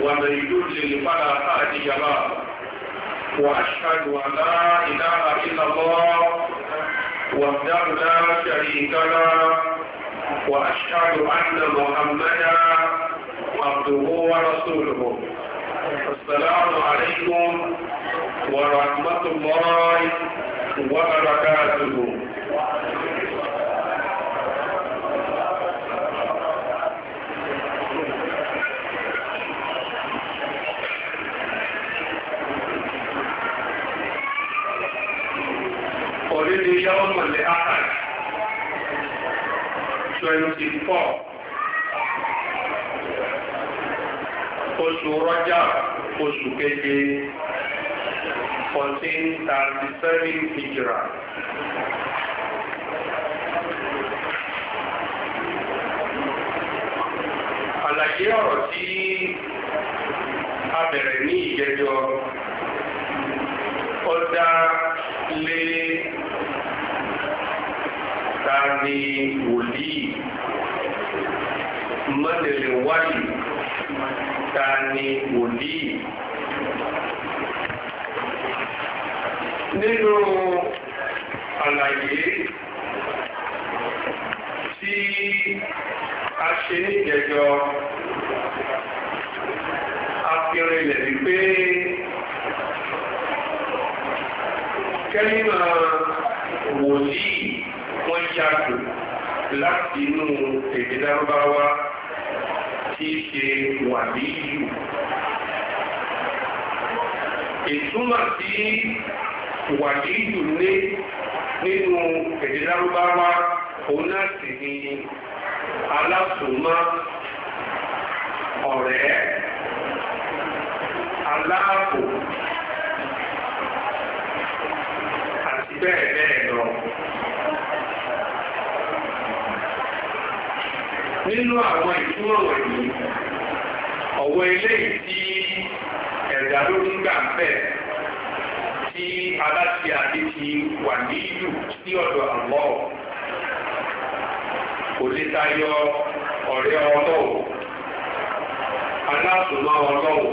ومن يضلل فلا جماعة له واشهد ان لا اله الا الله وحده لا شريك له واشهد ان محمدا عبده ورسوله السلام عليكم ورحمه الله وبركاته Sunday Ahad 24 oṣù rọ́jà oṣù keje 1437 hijra. Àlàyé ọ̀rọ̀ tí a bẹ̀rẹ̀ ní ìjẹjọ́ ọdá lé rí wòlíì mọ́tẹ̀lẹ̀ wáyé ta ni wòlíì. nínú àlàyé tí a ṣe ní ìjẹjọ àfihàn ilẹ̀ wípé kẹ́límà wòlíì ṣáàtù láti inú èdè lárúbáwá tí í ṣe wàlíyù. ìtumọ̀ sí wàlíyù ní nínú èdè lárúbáwá òun náà sì ni alásùnmọ́ ọ̀rẹ́ aláàbò àti bẹ́ẹ̀ bẹ́ẹ̀. nínú àwọn ìtumọ̀ wọ̀nyí ọ̀wọ́ ilé tí ẹ̀dà ló ń gbà bẹ̀ tí aláṣẹ àti ti wà ní ìlú sí ọ̀dọ̀ àlọ́ kò lè tayọ ọ̀rẹ́ ọlọ́wọ́ aláàtúmọ̀ ọlọ́wọ́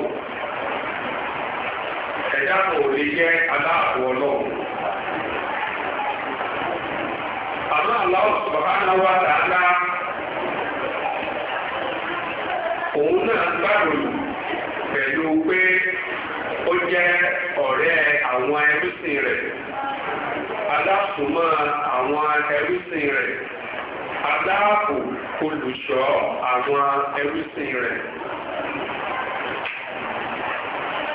ẹ̀dá kò lè jẹ́ aláàbò ọlọ́wọ́. Àmọ́ àlọ́ bàbá náà wà dáadáa. ròyìn pẹ̀lú pé ó jẹ́ ọ̀rẹ́ àwọn ẹrúsìn rẹ̀ aláṣùmọ́ àwọn ẹrúsìn rẹ̀ aláàbò olùṣọ́ àwọn ẹrúsìn rẹ̀.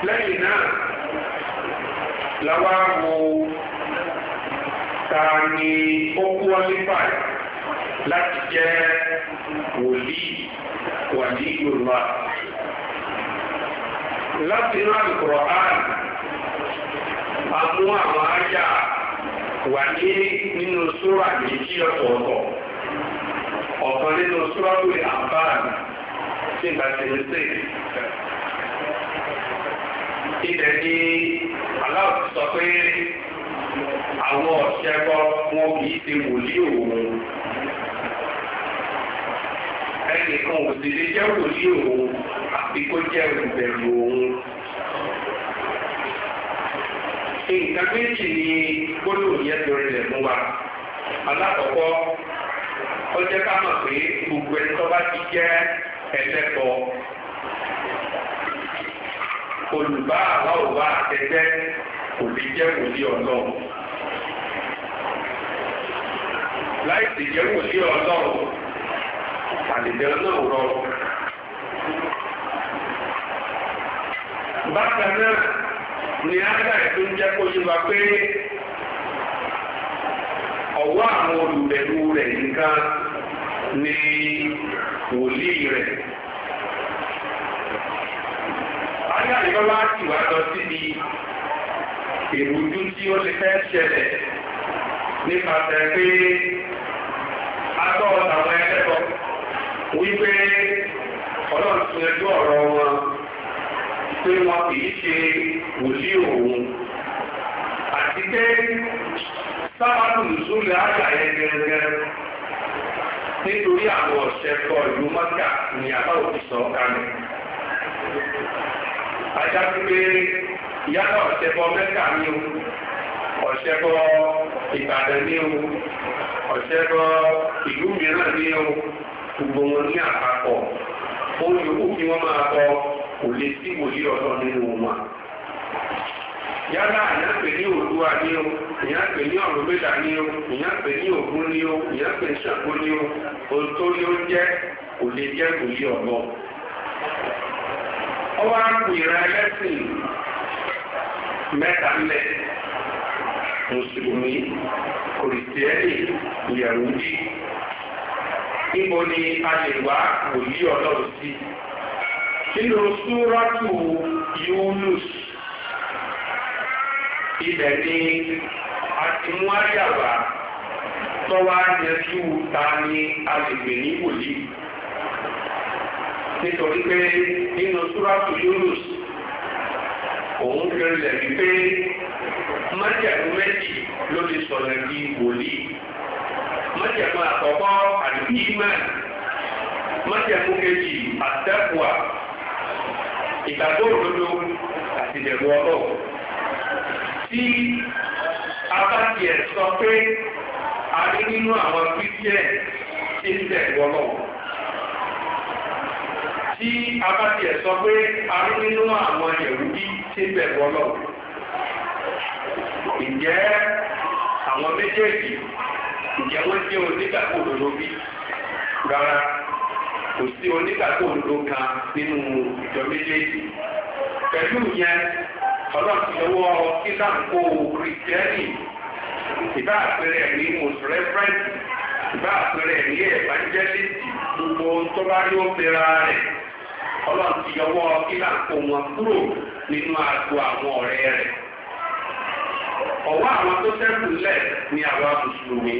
lẹ́yìn náà làwa wo ta ni ó kúọ́lífà láti jẹ́ wòlíì wàlíì yorùbá láti inú àlùkòrò áàrùn a mú àwọn àyà wà ní nínú súrà méjì ọ̀tọ̀ọ̀tọ̀ ọ̀kan nínú súrà wí àbáàrùn tí ìgbà tí ó sè ilẹ̀ ni aláàbò sọ pé àwọn ọ̀ṣẹ́gbọ́ wọn kì í ti wòlíì òun ẹnìkan ò sì lè jẹ́ wòlíì òun bí kò jẹ́ olùbẹ̀rù òun. nǹkan méjì ni gbólóhùn yẹn ti rìnlẹ̀ fún wa alákọ̀ọ́kọ́ ó jẹ́ ká mọ̀ pé gbogbo ẹni tó bá ti jẹ́ ẹlẹ́kọ̀ọ́ olùbá àwa ò bá àtẹ́tẹ́ kò lè jẹ́ wòlíì ọlọ́run láì sì jẹ́ wòlíì ọlọ́run àlejò náà rọrùn. bákan náà ní ágbàrí tó ń jẹ́ kó yí wa pé ọwọ́ àwọn olùbẹ̀rù rẹ̀ nìkan ni wòlíì rẹ̀. Ayáàlú bá bá ti wá lọ síbi ìrújú tí ó lè fẹ́ ṣẹlẹ̀ nípasẹ̀ pé atọ́ àwọn ẹlẹ́kọ̀ọ́ wípé ọlọ́run ti yanjú ọ̀rọ̀ pé wọn kì í ṣe wòlíì òun àti pé sábàtù nùsùlẹ̀ àgbà yẹn gẹ́gẹ́ nítorí àwọn ọ̀sẹ̀ kọ ìlú mọ́tà ni àbá òfin sọ kalẹ̀. ajá sí pé yálà ọ̀sẹ̀ bọ mẹ́ta ni o ọ̀sẹ̀ bọ ìbàdàn ni o ọ̀sẹ̀ bọ ìlú mìíràn ni o gbogbo wọn ní àpapọ̀ ó yòókù kí wọ́n máa bọ kò lè sí wòlí ọ̀tọ̀ nínú wọn. yálà ìyá pè ní Oòduà ni o ìyá pè ní Ọ̀rúnmìlà ni o ìyá pè ní Ògún ni o ìyá pè ní Ṣàngó ni o ohun tó yóò jẹ́ kò lè jẹ́ wòlí ọ̀gbọ́n. ọwọ́ àpòyìnrà ẹlẹ́sìn mẹ́ta ńlẹ̀ mùsùlùmí kòrìtìẹ́lì ìyàwó yìí níbo ni a lè wá wòlí ọlọ́run sí nínú súrọ́tù Yunus ibẹ̀ ni àtìmúáyàwá tọ́wá yẹjú ta ni agbègbè ní wòlíì nítorí pé nínú súrọ́tù Yunus òun kẹrìnlẹ̀ wípé májàmú méjì ló lè sọ̀rọ̀ di wòlíì májàmú àkọ́kọ́ àti ìmọ̀ májàmú kejì àtẹ́kùà ìgbàgbọ́ òdodo àti ìdẹ̀rù ọlọ́wọ́ tí a bá tiẹ̀ sọ pé a rí nínú àwọn christian tí ń dẹ̀rù ọlọ́wọ́ tí a bá tiẹ̀ sọ pé a rí nínú àwọn yẹ̀wùdí tí ń dẹ̀rù ọlọ́wọ́ ǹjẹ́ àwọn méjèèjì ǹjẹ́ wọ́n jẹ́ onígbàgbọ́ òdodo bí rárá kò sí onígbàgbọ́ òdodo kan nínú ìjọ méjèèjì pẹ̀lú yẹn ọlọ́run ti lọ́wọ́ islam kó kìrìtẹ́nì ìbá àpẹẹrẹ ní mùsùlẹ́fẹ́ǹtì ìbá àpẹẹrẹ ní ẹ̀bánjẹ́lẹ́tì gbogbo tó bá yóò fẹ́ra rẹ̀ ọlọ́run ti lọ́wọ́ islam kó wọn kúrò nínú àgbo àwọn ọ̀rẹ́ rẹ̀ ọ̀wọ́ àwọn tó ṣẹ́kù lẹ̀ ní àwa mùsùlùmí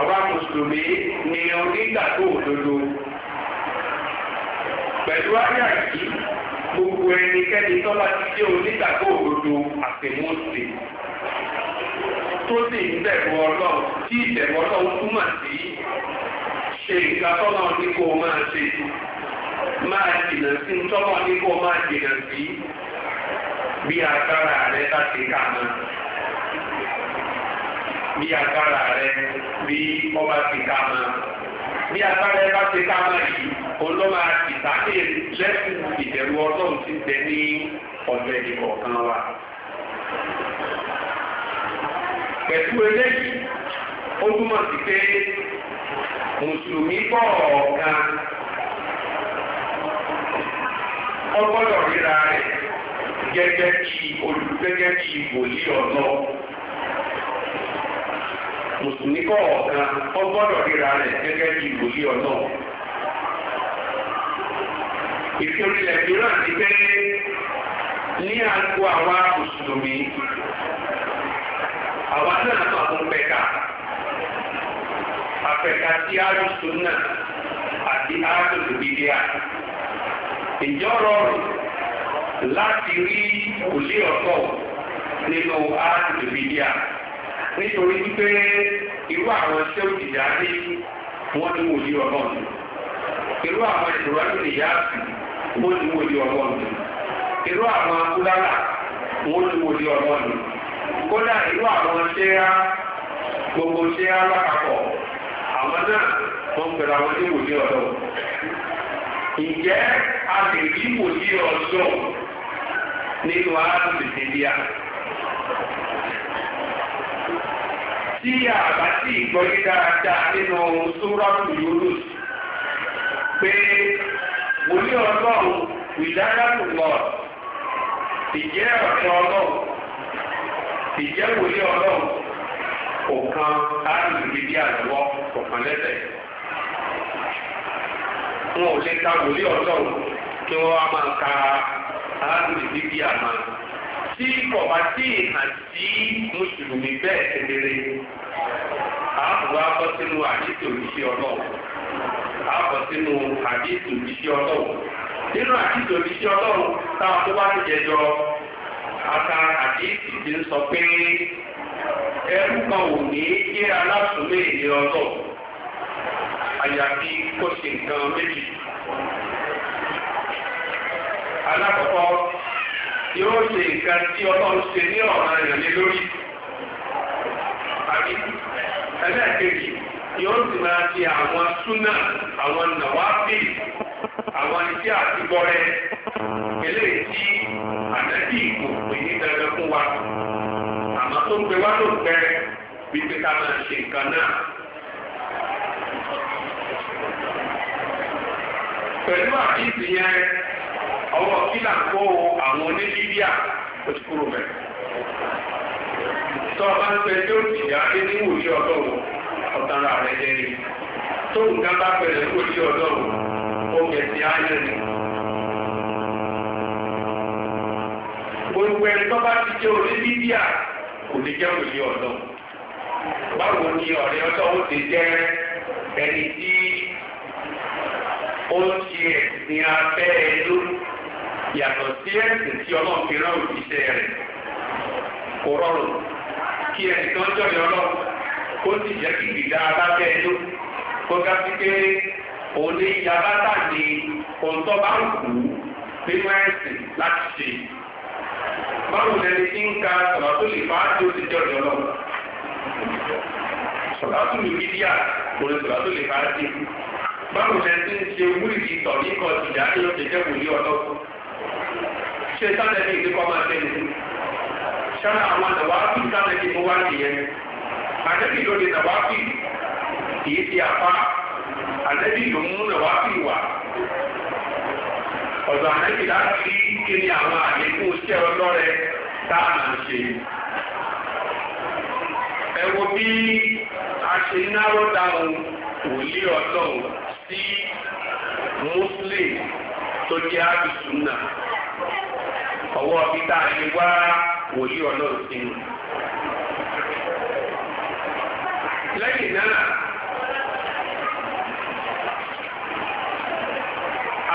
àwa mùsùlùmí ni onígbàgbọ́ òdodo pẹ̀lú ayé àìsí gbogbo ẹnikẹ́ni tọ́lá ti jẹ́ onígbàgbọ́ òdodo àtẹ̀mọ́sẹ̀ tó sì ń bẹ̀rù ọlọ́run tí ìbẹ̀rù ọlọ́run túmọ̀ sí ṣe nǹkan tọ́lá ní kó o máa ṣe máa jìnà sí ń tọ́lá ní kó o máa jìnà sí bí agbára rẹ bá ti kà mọ́ bí agbára rẹ bí ọba ti ká mọ bí agbára rẹ bá ti ká mọ yìí olóma ìtàkì lẹ́kùn ìdẹ̀rù ọlọ́run ti tẹ ní ọ̀dọ̀ ẹ̀dì kọ̀ọ̀kan wa. pẹ̀lú eléyìí ó túmọ̀ sí pé mùsùlùmí kọ̀ọ̀kan ọgbọ́dọ̀ ríra rẹ̀ gẹ́gẹ́ bí olùgbẹ́gẹ́ bí wòlíì ọ̀nà mùsùlùmí kọ̀ọ̀kan ó gbọ́dọ̀ ríra rẹ̀ gẹ́gẹ́ bí ìwòlí ọ̀nà. ìfiorílẹ̀ mìíràn ti pé ní àgbo àwa mùsùlùmí àwa náà máa ń pẹ̀ka àpẹ̀ka sí àdùsùn náà àti àdùsùn bíbíà. ìjọ rọrùn láti rí òlé ọ̀tọ̀ nínú àdùsùn bíbíà nítorí wípé irú àwọn sẹ́wù ìyá rí wọ́n ní wòlíì ọlọ́run irú àwọn ìṣòwádìí ìyá sí wọ́n ní wòlíì ọlọ́run irú àwọn akúlára wọ́n ní wòlíì ọlọ́run kódà irú àwọn ṣẹ́ra gbogbo ṣẹ́ra lápapọ̀ àwọn náà wọ́n ń pẹ̀lú àwọn ní wòlíì ọlọ́run ǹjẹ́ a lè rí wòlíì ọlọ́run nínú aráàlú ìdíyà. tí àbá tí dáadáa nínú sórọ́ọ̀tù Yunus pé ọlọ́run lọ ìjẹ́ ọ̀sẹ̀ ọlọ́run ìjẹ́ ọlọ́run ọ̀kan alùpùpù bí àlọ́ ọ̀kan lẹ́sẹ̀. wọn ò lè ta ọlọ́run kí wọ́n á máa ka tí kò bá tí hàn sí mùsùlùmí bẹ́ẹ̀ kedere àbúrò abọ́ sínú àdìsí òṣìṣẹ́ ọlọ́wọ́ àbọ̀ sínú àdìsí òṣìṣẹ́ ọlọ́wọ́ nínú àdìsí òṣìṣẹ́ ọlọ́wọ́ táwọn tó bá ti jẹjọ ata àdìsí ti ń sọ pé ẹrú kan ò ní jẹ́ alásùnmé ní ọlọ́ àyàfi kó ṣe nǹkan méjì alákọ̀ọ́kọ́ yóò ṣe nǹkan tí ọlọ́run ṣe ní ọ̀ràn rẹ̀ lé lórí. àbí ẹlẹ́ẹ̀kejì yóò sì máa ṣe àwọn súnà àwọn nàwáfì àwọn iṣẹ́ àtibọ́rẹ́ eléyìí tí ànábì kò pè ní dandan fún wa àmọ́ tó ń pe wá ló ń pẹ́ wípé ká máa ṣe nǹkan náà. pẹ̀lú àbí ìsìn yẹn ọwọ́ kílà kó àwọn oníbíbíà ó ti kúrò mẹ́. tó o bá ń pẹ tí ó ti dá dé ní wòlíì ọlọ́run ọ̀tara rẹ̀ jẹ́ ni tó nǹkan bá pẹ̀lẹ́ wòlíì ọlọ́run ó bẹ̀ sí ayé ni. gbogbo ẹni tó bá ti jẹ́ oníbíbíà kò ní jẹ́ wòlíì ọlọ́run báwo ni ọ̀rẹ́ ọlọ́run ti jẹ́ ẹni tí ó ti ẹ̀sìn abẹ́ ẹ lórí yàtọ̀ sí ẹ̀sìn tí ọlọ́run fi rán òjíṣẹ́ rẹ̀ kò rọrùn kí ẹni tó ń jọ̀yọ̀ ọlọ́run kó sì jẹ́ kí ìgbìdá abáfẹ́ ẹjọ́ kó ga sí pé òun ní yabátà ni òǹtọ́ bá ń kú nínú ẹ̀sìn láti ṣe. báwo lẹni tí ń ka sọ̀rọ̀ tó lè fàá tó ti jọ̀yọ̀ ọlọ́run sọ̀rọ̀ lè fi díà kò lè sọ̀rọ̀ tó lè fàá sí i báwo lẹ ti ń ṣe wúrìdì tọ̀lí kan ti dá ní oṣù jẹ́ wòlíì ọlọ́kùn ṣe sálẹ̀ ní ìdíkọ́ máa tẹ̀lé ṣáná àwọn àdàwáfì sálẹ̀ ní mo nìyẹn àdẹ́bì ló ní àdàwáfì kì í ti àpá àdẹ́bì ló mú àdàwáfì wà ọ̀dọ̀ àdẹ́bì láti kí ni àwọn àlékún iṣẹ́ ọlọ́rẹ tá a máa ṣe ẹ wo bí a ṣe náwó dáhùn wòlíì ọlọ́run sí muslim tó jẹ́ àbùsùnà ọwọ́ bíta ni wá wòye ọlọ́run sí mi. lẹ́yìn náà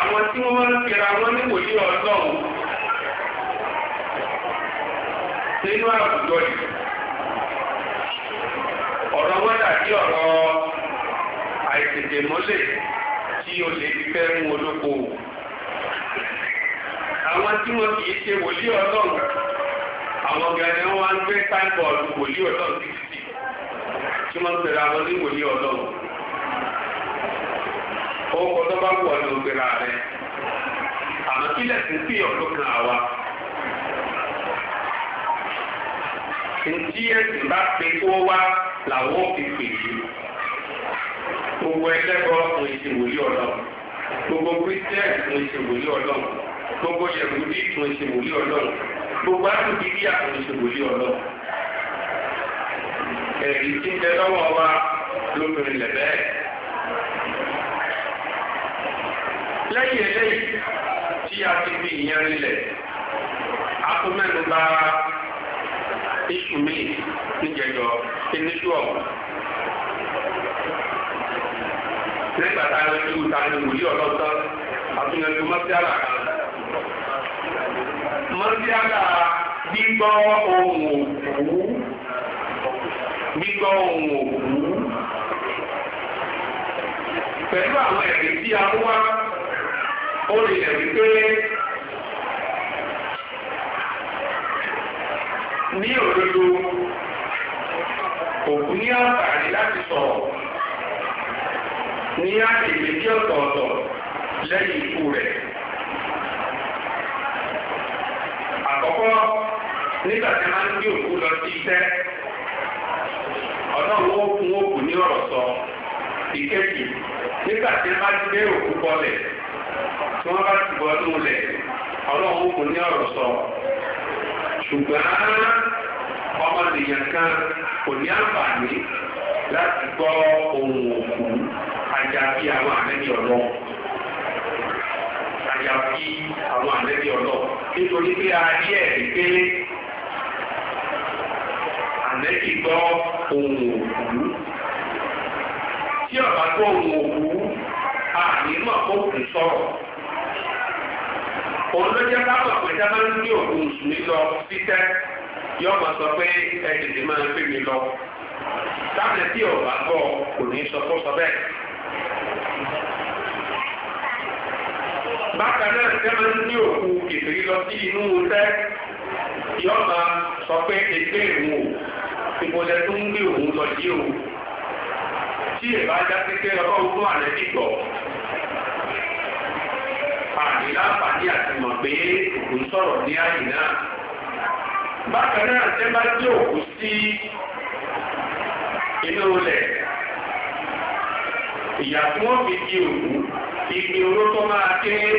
àwọn tí wọ́n máa ń kẹra wọn ní wòye ọlọ́run nínú àwùjọ yìí ọ̀rọ̀ wọn dàbí ọ̀rọ̀ tètè mọ́lẹ̀ tí o lè fi fẹ́ mú olóko. Àwọn tí wọ́n kì í ṣe wòlíì ọlọ́run, àwọn gẹ̀rẹ́ wọn ń gbé táìbọ̀ọ̀lù wòlíì ọlọ́run títí tì tí wọ́n ń pèrè àwọn ní wòlíì ọlọ́run. Owó tó bá wù ni o pèrè ààrẹ. Àmọ́ kílẹ̀ sí pé ọ̀dọ́ kan àwa. Ntí ẹ̀sìn bá pe kó wá làwọn ò fi gbogbo ẹlẹ́bọ fún ìṣe wòlíì ọlọ́run gbogbo kírísítẹ́nì fún ìṣe wòlíì ọlọ́run gbogbo yẹ̀wùdí fún ìṣe wòlíì ọlọ́run gbogbo àtúndínlíà fún ìṣe wòlíì ọlọ́run. ẹ̀rí tí ń bẹ lọ́wọ́ wa lóbìnrin lẹ̀ bẹ́ẹ̀. lẹ́yìn eléyìí tí a ti fi ìyẹn rinlẹ̀ a tún mẹ́nu bà iṣu mi níjẹjọ iníṣu ọ̀hún. yanjú ìtàkùn wòlí ọlọ́tọ́ àtúnyẹ̀dù mọ́síálà kan. mọ́síálà gbígbọ́ ohun òkú gbígbọ́ ohun òkú pẹ̀lú àwọn ẹ̀rí tí a wá ó lè ẹ̀rí pé ní òdodo òkú ní àǹfààní láti sọ̀rọ̀ ní àyè méjì ọ̀tọ̀ọ̀tọ̀ lẹ́yìn ikú rẹ̀. Àkọ́kọ́ nígbà tí a máa ń gbé òkú lọ sí iṣẹ́ ọlọ́run ó fún òkú ní ọ̀rọ̀ sọ ìkejì nígbà tí a máa ń gbé òkú bọlẹ̀ tí wọ́n bá ti bọ́ ní ilẹ̀ ọlọ́run ó fún ní ọ̀rọ̀ sọ ṣùgbọ́n ọmọ nìyẹn kan kò ní àǹfààní láti gbọ́ ohun òkú àjà bí àwọn ànẹ́bí ọ̀dọ́ àjà bí àwọn nítorí pé a rí ẹ̀ pípélé ànẹ́bí gbọ́ ohun òkú tí ọ̀bá gbọ́ ohun òkú àní mọ̀ kó kù sọ̀rọ̀ òun ló jẹ́ ká mọ̀ pé dáná ń ní òkú mùsùlùmí lọ títẹ́ yọ ọmọ sọ pé ẹ tètè máa ń pè mí lọ táwọn ẹbí ọ̀bá gbọ́ kò ní sọ fún sọ bẹ́ẹ̀ bákan náà tẹ́lẹ̀ ń ní òkú ìfèrí lọ sí inú tẹ́ yọ́ máa sọ pé ẹgbẹ́ ìwò ìbọ̀lẹ̀ tó ń gbé òun lọ yí o tí ìbá já kékeré ọkọ̀ ogun àlẹ́ dìgbọ̀ àní láǹfààní àti mọ̀ pé òkú sọ̀rọ̀ ní àyè náà bákan náà tẹ́ bá jẹ́ òkú wọ́n fi di òkú ibi owó tó máa kéré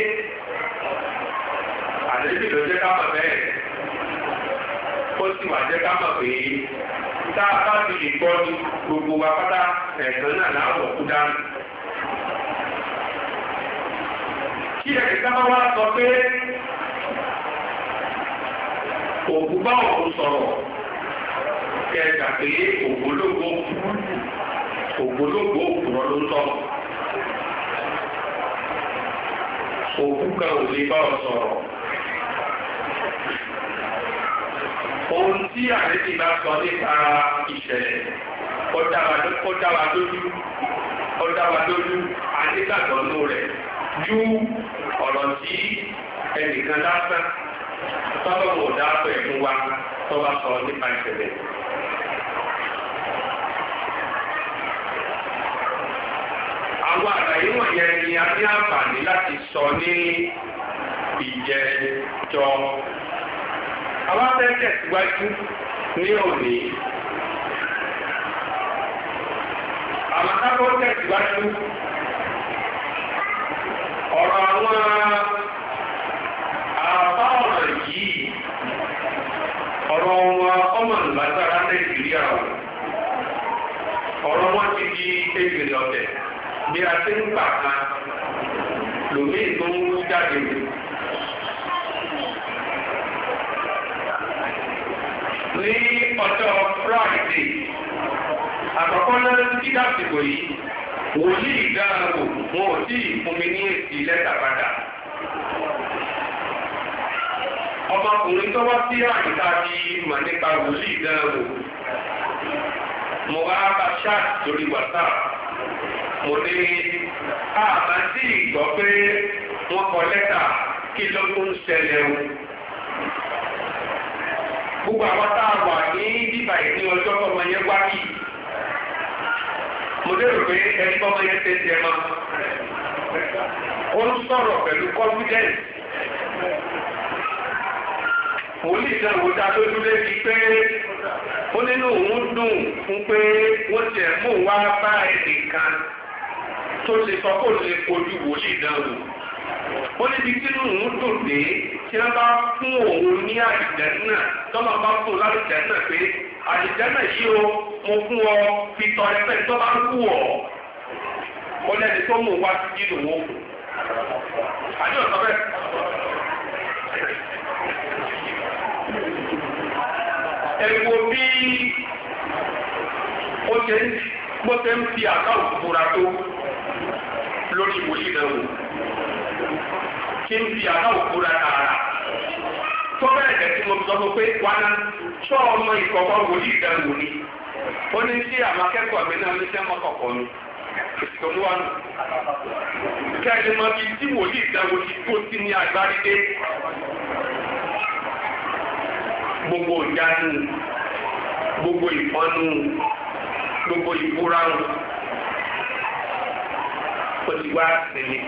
àdébì ló jẹ́ ká mọ̀ bẹ́ẹ̀ ó sì wà jẹ́ ká pé tá a bá ti lè gbọ́ ní gbogbo wa pátá ẹ̀sán náà láwọ̀ kú dánù. kí ẹ̀kẹ́ ká wá sọ pé òkú bá òkú sọ̀rọ̀ kẹta pé ògbólógbò ògbólógbò òkúrọ̀ ló sọ. òkú kan ò lè bá ọ sọ̀rọ̀. Ohun tí àdéhùn bá sọ nípa ìṣẹ̀lẹ̀ ọ̀dà wa lójú ọ̀dà wa lójú àdégbàgbọ́nú rẹ̀ ju ọ̀rọ̀ tí ẹnìkan lásán tọ́lọ́wọ̀ dáàbò ẹ̀fún wa tó bá sọ nípa ìṣẹ̀lẹ̀. àwọn àlàyé wọ̀nyẹn ni a ní àǹfààní láti sọ ní ìjẹjọ. àwọn afẹ́ tẹ̀síwájú ní òní. àwọn afẹ́ tẹ̀síwájú ọ̀rọ̀ àwọn àbá ọ̀rọ̀ yìí ọ̀rọ̀ wọn ọmọ ìlú lágbára Nàìjíríà ọ̀rọ̀ wọn ti di ẹgbẹ̀rẹ̀ ọ̀tẹ̀ bí a ti ń gbà kan lòmí tó ń wú jáde wò. ní ọjọ́ Friday àkọ́kọ́ náà kí dàsìkò yìí wòlíì dáàbò mo ò tí ì fún mi ní èsì lẹ́tà padà ọmọkùnrin tó wá sí àyíká bí mà nípa wòlíì náà mo wá bá ṣáàtì lórí whatsapp mo ní àbá tí ìgbọ́ pé wọ́n kọ lẹ́tà kí ló tó ń ṣẹlẹ̀ o. gbogbo àwọn tá a wà ní bíbá ìní ọjọ́ tọmọ yẹn wá kì í. mo lérò pé ẹni tọmọ yẹn ṣe tiẹ̀ mọ́. ó ń sọ̀rọ̀ pẹ̀lú confidence. Òní ìdánwò dá lójú lébi pé ó nínú òun dùn fún pé wọ́n tiẹ̀ mú wá bá ẹnìkan tó ṣe sọ kó lè kojú wòlíì náà wò wọ́n níbi tí òun dùn dé tí wọ́n bá fún òun ní àlìjẹ́nà tọ́lá bá fún un lálùjẹ́nà pé àlìjẹ́nà yìí o mo fún ọ fi tọrẹ pẹ́ tó bá ń kú ọ ó lẹ́ni tó mú wá sí nínú wọn. àjọ sọ bẹ́ẹ̀. ẹ bí ó ṣe ń fi àkáwù fura tó lórí ìwòye rẹ̀ wò kí n fi àná òkú rẹ̀ rárá tó bẹ́ẹ̀ jẹ́ tí mo sọ fún pé wánà tó ọmọ ìkọ̀kọ̀ wòlíì rẹ̀ wò ni ó ní sí àwọn akẹ́kọ̀ọ́ mi náà ní sẹ́mọ̀ kọ̀kọ̀ ni ìtọ́lúwánu kẹ́ni mọ bíi tí wòlíì rẹ̀ wò ti kó sí ní agbáríde gbogbo ìyanu gbogbo ìfọ́nù gbogbo ìfúráhùn ó ti wá sinmi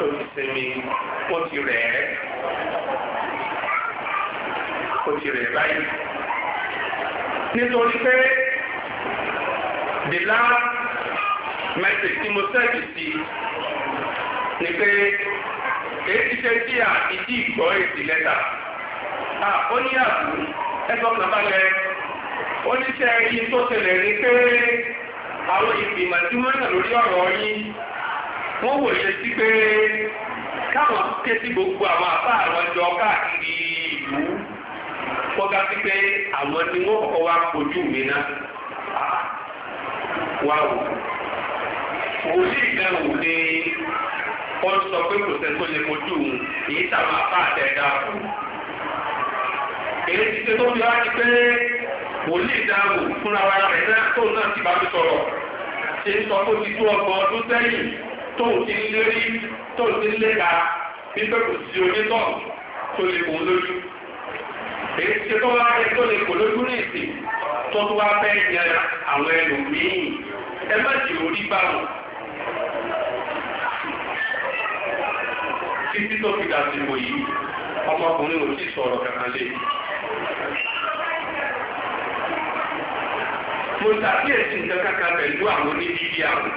ó ti sinmi ó ti rẹ̀ ẹ́ ó ti rẹ̀ báyìí nítorí pé the last message tí mo sẹ́ẹ̀kì sí ni pé èyí ṣe tí a ìdí ìgbọ́ èsì lẹ́tà a ó ní àbú ẹgbẹ́ ọ̀nà balẹ̀ ó ní sẹ́ẹ̀kì tó ṣẹlẹ̀ rí pé àwọn ìgbìmọ̀ tí wọ́n nà lórí ọ̀rọ̀ yín wọ́n wò ṣe sí pé káwọn ké sí gbogbo àwọn àbá àwọn jọ káàkiri ìlú wọ́n sí pé àwọn ni wọ́n kọ́kọ́ wá kojú mi náà ah, wá o wòlíì gan wò ni wọ́n sọ pé kò sẹ́ni tó lè kojú òun èyí táwọn àbá àtẹ̀dá fún. èyí ti ṣe tó fi wá ní pé kò ní ìdáàbò fúnra wa rẹ̀ náà tó náà ti bá mi sọ̀rọ̀ ṣe ń sọ fún ti tó ọgbọ̀n ọdún sẹ́yìn tó ń ti lérí tó ń ti léka pípẹ́ kò sí onítọ̀ tó lè kò lójú èyí ṣe tó wá rẹ tó lè kò lójú ní ìsìn tó tó wá fẹ́ yẹ àwọn ẹlòmíì ẹ má jì orí bá wọn. títí tó fi dàsìkò yìí ọmọkùnrin ò tí sọ̀rọ̀ kankan lé. mo ṣàkíyèsí nǹkan kankan pẹ̀lú àwọn oníbíbí àwọn.